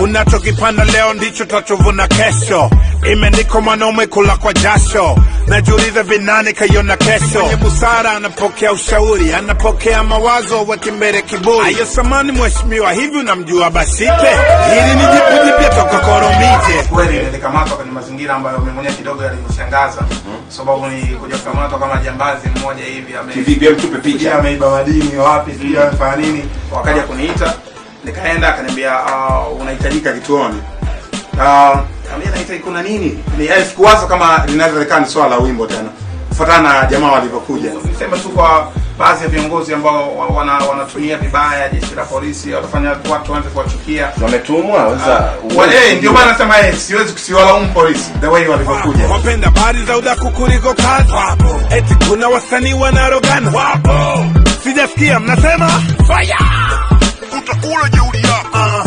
Unachokipanda leo ndicho tachovuna kesho. Imeniko mwanaume kula kwa jasho, najiuliza vinani kaiona kesho. Mwenye busara anapokea ushauri, anapokea mawazo, wakimbere kiburi. Ayo samani, mheshimiwa, hivi unamjua Basite? Hili ni jipu jipya toka Koromije. Kweli nilikamatwa kwenye mazingira ambayo mwenyewe kidogo yalinishangaza, mhm. sababu ni kuja kukamatwa kama jambazi mmoja hivi, ameiba madini wapi, sijui amefanya nini, wakaja kuniita Nikaenda akaniambia uh, unahitajika kituoni. Uh, ah, kuna nini? Ni sikuwaza kama linawezekana swala la wimbo tena. Kufuatana na jamaa walivyokuja. Nisema tu kwa baadhi ya viongozi ambao wana wanatumia vibaya jeshi la polisi, watafanya watu waanze kuwachukia. Wametumwa sasa. Ah, Wale eh, ndio maana nasema eh, siwezi kusiwalaumu polisi the way walivyokuja. Wapenda bari za udaku kuliko kazi. Eti kuna wasanii wanarogana. Wapo. Sijasikia mnasema. duty up. uh